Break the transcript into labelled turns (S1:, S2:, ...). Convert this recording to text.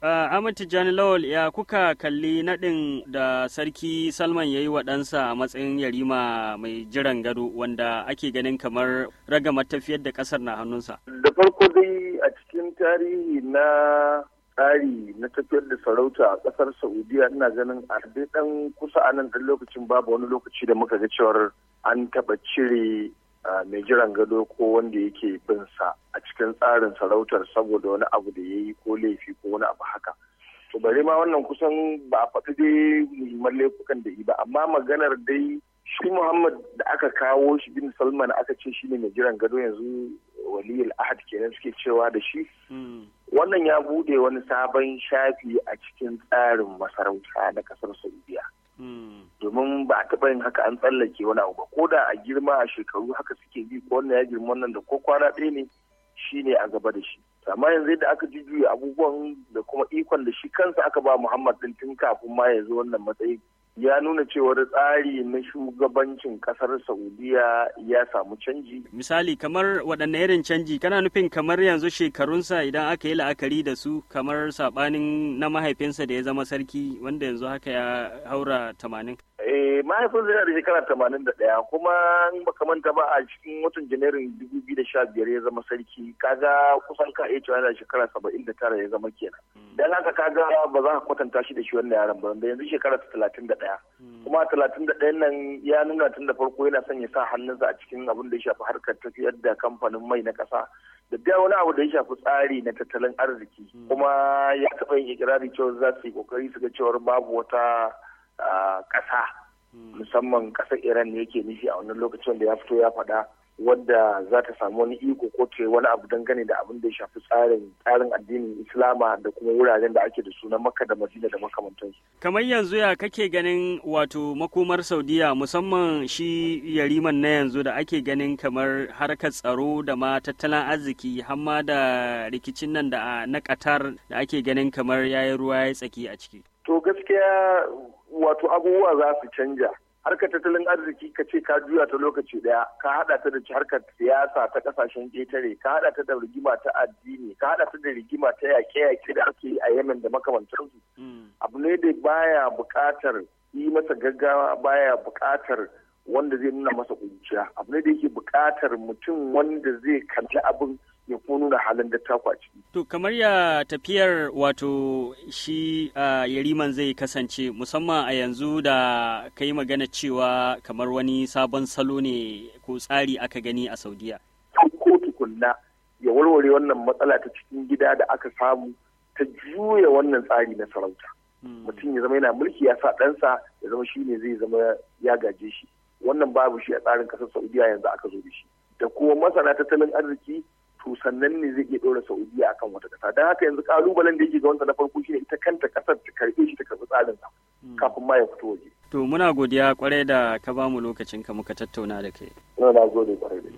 S1: Uh, Ahmad Tijjani Lawal ya kuka kalli naɗin da Sarki Salman ya yi wa ɗansa a matsayin yarima mai jiran gado wanda ake ganin kamar ragamar tafiyar da ƙasar na hannunsa.
S2: Da farko dai a cikin tarihi na tsari na tafiyar da sarauta a ƙasar Saudiya ina ganin a dai ɗan kusa a nan ɗan lokacin babu wani lokaci da muka ga cewar an taɓa cire mai jiran gado ko wanda yake bin sa a cikin tsarin sarautar saboda wani abu da ya yi ko laifi ko wani abu haka to bari ma wannan kusan ba a faɗi dai muhimman laifukan da yi ba amma maganar dai shi muhammad da aka kawo shi bin salman aka ce shi ne mai jiran gado yanzu waliyul ahad kenan suke cewa da shi hmm. wannan ya bude wani sabon shafi a cikin tsarin masarauta na kasar saudiya domin ba a taɓa yin haka an tsallake wani abu ba ko da a girma a shekaru haka suke bi ko wannan ya girma wannan da ko kwana ɗaya ne shi ne a gaba da shi amma yanzu da aka jujjuya abubuwan da kuma ikon da shi kansa aka ba muhammad din tun kafin ma ya zo wannan matsayin. ya nuna cewar tsari na shugabancin kasar saudiya ya samu canji
S1: misali kamar waɗanne irin canji kana nufin kamar yanzu shekarunsa idan aka yi la'akari da su kamar saɓanin na mahaifinsa da ya zama sarki wanda yanzu haka ya haura tamanin
S2: Eh, mahaifin zai da shekara tamanin da daya kuma in baka manta ba a cikin watan janairun dubu biyu da sha biyar ya zama sarki kaga kusan ka iya cewa da shekara saba'in da tara ya zama kenan hmm. dan haka kaga ba za ka kwatanta shi da shi wannan yaron ba da yanzu shekara ta talatin da daya hmm. kuma talatin da daya nan ya nuna tun da farko yana son ya sa hannunsa a cikin abin da ya shafi harkar tafiyar da kamfanin mai na ƙasa da da wani abu da ya shafi tsari na tattalin arziki hmm. kuma ya taɓa yin ikirari cewa za su yi kokari su ga cewar babu wata ah, ƙasa musamman kasar iran ne yake nufi a wannan lokacin da ya fito ya faɗa wadda za ta samu wani iko ko ke wani abu dangane da abin da ya shafi tsarin tsarin addinin islama da kuma wuraren da ake da su na da madina da makamantansu
S1: kamar yanzu ya kake ganin wato makomar saudiya musamman shi yariman na yanzu da ake ganin kamar harkar tsaro da ma tattalin arziki hamma da rikicin nan da na katar da ake ganin kamar yayi ruwa ya tsaki a ciki
S2: to gaskiya wato abubuwa za su canja harkar tattalin arziki ka ce ka juya ta lokaci daya ka hada ta da harkar siyasa ta kasashen ƙetare ka hada ta da rigima ta addini ka hada ta da rigima ta yaƙe-yaƙe da ake a yemen da makamantansu hmm. abu ne da baya bukatar yi masa gaggawa baya buƙatar wanda zai nuna masa kunciya abu ne da yake bukatar mutum wanda zai kalli abin ya kuma nuna halin da ta ciki.
S1: To kamar ya tafiyar wato shi yariman zai kasance musamman a yanzu da ka yi magana cewa kamar wani sabon salo ne ko tsari aka gani a Saudiya.
S2: Ko tukunna ya warware wannan matsala ta cikin gida da aka samu ta juya wannan tsari na sarauta. Hmm. Mutum ya zama yana mulki ya sa ɗansa ya zama shi ne zai zama ya gaje shi. wannan babu shi a tsarin kasar saudiya yanzu aka zo da shi da kuma masana tattalin arziki to sannan ne zai iya ɗora saudiya akan wata kasa don haka yanzu kalubalen da yake ga wanda na farko shine ita kanta ƙasar ta karɓe shi ta karbi tsarin nan hmm. kafin ma ya fito waje.
S1: to muna godiya kwarai da ka bamu lokacin ka muka tattauna da kai.
S2: na gode kwarai da